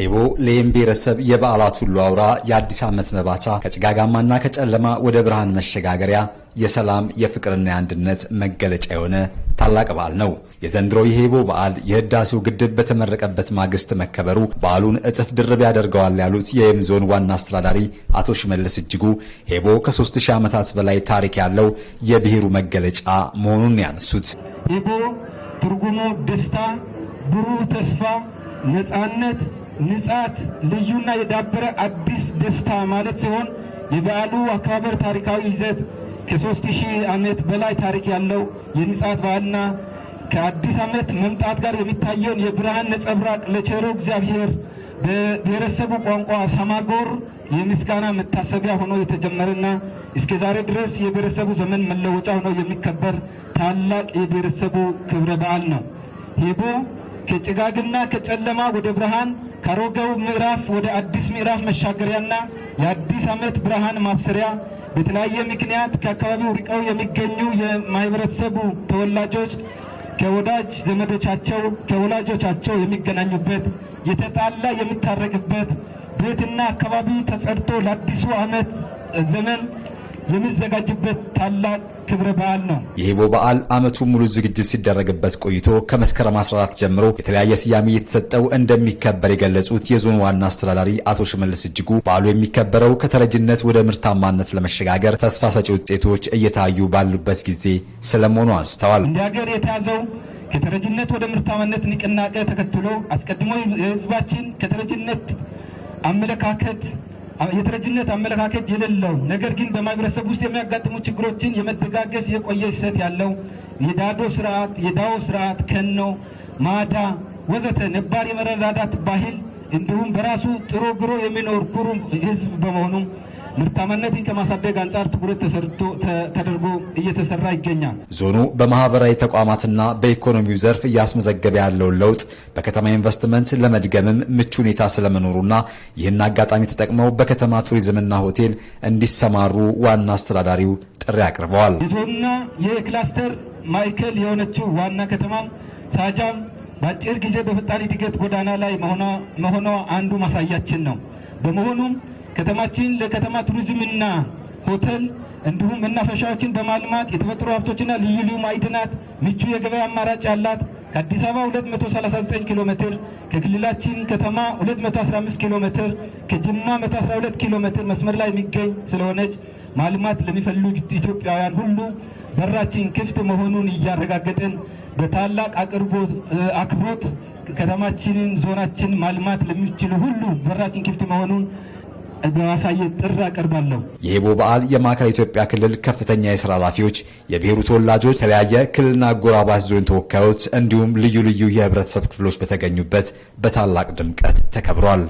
ሄቦ ለየም ብሔረሰብ የበዓላት ሁሉ አውራ የአዲስ ዓመት መባቻ ከጭጋጋማና ከጨለማ ወደ ብርሃን መሸጋገሪያ የሰላም የፍቅርና የአንድነት መገለጫ የሆነ ታላቅ በዓል ነው። የዘንድሮ የሄቦ በዓል የህዳሴው ግድብ በተመረቀበት ማግስት መከበሩ በዓሉን እጥፍ ድርብ ያደርገዋል ያሉት የየም ዞን ዋና አስተዳዳሪ አቶ ሽመልስ እጅጉ ሄቦ ከ 3000 ዓመታት በላይ ታሪክ ያለው የብሔሩ መገለጫ መሆኑን ያነሱት ሄቦ ትርጉሙ ደስታ፣ ብሩህ ተስፋ፣ ነፃነት ንጻት ልዩና የዳበረ አዲስ ደስታ ማለት ሲሆን የበዓሉ አከባበር ታሪካዊ ይዘት ከሦስት ሺህ ዓመት በላይ ታሪክ ያለው የንጻት በዓልና ከአዲስ ዓመት መምጣት ጋር የሚታየውን የብርሃን ነጸብራቅ ለቸሮ እግዚአብሔር በብሔረሰቡ ቋንቋ ሰማጎር የምስጋና መታሰቢያ ሆኖ የተጀመረና እስከ ዛሬ ድረስ የብሔረሰቡ ዘመን መለወጫ ሆኖ የሚከበር ታላቅ የብሔረሰቡ ክብረ በዓል ነው። ሄቦ ከጭጋግና ከጨለማ ወደ ብርሃን ከሮጋው ምዕራፍ ወደ አዲስ ምዕራፍ መሻገሪያና የአዲስ ዓመት ብርሃን ማብሰሪያ በተለያየ ምክንያት ከአካባቢው ርቀው የሚገኙ የማህበረሰቡ ተወላጆች ከወዳጅ ዘመዶቻቸው ከወላጆቻቸው የሚገናኙበት የተጣላ የሚታረቅበት ቤትና አካባቢ ተጸድቶ ለአዲሱ ዓመት ዘመን የሚዘጋጅበት ታላቅ ክብረ በዓል ነው። የሂቦ በዓል አመቱ ሙሉ ዝግጅት ሲደረግበት ቆይቶ ከመስከረም 14 ጀምሮ የተለያየ ስያሜ እየተሰጠው እንደሚከበር የገለጹት የዞን ዋና አስተዳዳሪ አቶ ሽመልስ እጅጉ በዓሉ የሚከበረው ከተረጅነት ወደ ምርታማነት ለመሸጋገር ተስፋ ሰጪ ውጤቶች እየታዩ ባሉበት ጊዜ ስለመሆኑ አንስተዋል። እንደ ሀገር የተያዘው ከተረጅነት ወደ ምርታማነት ንቅናቄ ተከትሎ አስቀድሞ የህዝባችን ከተረጅነት አመለካከት የተረጅነት አመለካከት የሌለው ነገር ግን በማህበረሰብ ውስጥ የሚያጋጥሙ ችግሮችን የመደጋገፍ የቆየ እሴት ያለው የዳዶ ስርዓት የዳዎ ስርዓት ከኖ ማዳ ወዘተ ነባር የመረዳዳት ባህል እንዲሁም በራሱ ጥሮ ግሮ የሚኖር ኩሩ ህዝብ በመሆኑ ምርታማነትን ከማሳደግ አንጻር ትኩረት ተሰርቶ ተደርጎ እየተሰራ ይገኛል። ዞኑ በማህበራዊ ተቋማትና በኢኮኖሚው ዘርፍ እያስመዘገበ ያለውን ለውጥ በከተማ ኢንቨስትመንት ለመድገምም ምቹ ሁኔታ ስለመኖሩና ይህን አጋጣሚ ተጠቅመው በከተማ ቱሪዝምና ሆቴል እንዲሰማሩ ዋና አስተዳዳሪው ጥሪ አቅርበዋል። የዞኑና የክላስተር ማዕከል የሆነችው ዋና ከተማ ሳጃም በአጭር ጊዜ በፈጣን እድገት ጎዳና ላይ መሆኗ አንዱ ማሳያችን ነው። በመሆኑም ከተማችን ለከተማ ቱሪዝምና ሆቴል እንዲሁም መናፈሻዎችን በማልማት የተፈጥሮ ሀብቶችና ልዩ ልዩ ማዕድናት ምቹ የገበያ አማራጭ ያላት ከአዲስ አበባ 239 ኪሎ ሜትር ከክልላችን ከተማ 215 ኪሎ ሜትር ከጅማ 112 ኪሎ ሜትር መስመር ላይ የሚገኝ ስለሆነች ማልማት ለሚፈልጉ ኢትዮጵያውያን ሁሉ በራችን ክፍት መሆኑን እያረጋገጥን በታላቅ አክብሮት ከተማችንን፣ ዞናችን ማልማት ለሚችሉ ሁሉ በራችን ክፍት መሆኑን በማሳየት ጥሪ አቀርባለሁ። የሄቦ በዓል የማዕከላዊ ኢትዮጵያ ክልል ከፍተኛ የስራ ኃላፊዎች፣ የብሔሩ ተወላጆች፣ የተለያየ ክልልና አጎራባች ዞን ተወካዮች እንዲሁም ልዩ ልዩ የህብረተሰብ ክፍሎች በተገኙበት በታላቅ ድምቀት ተከብሯል።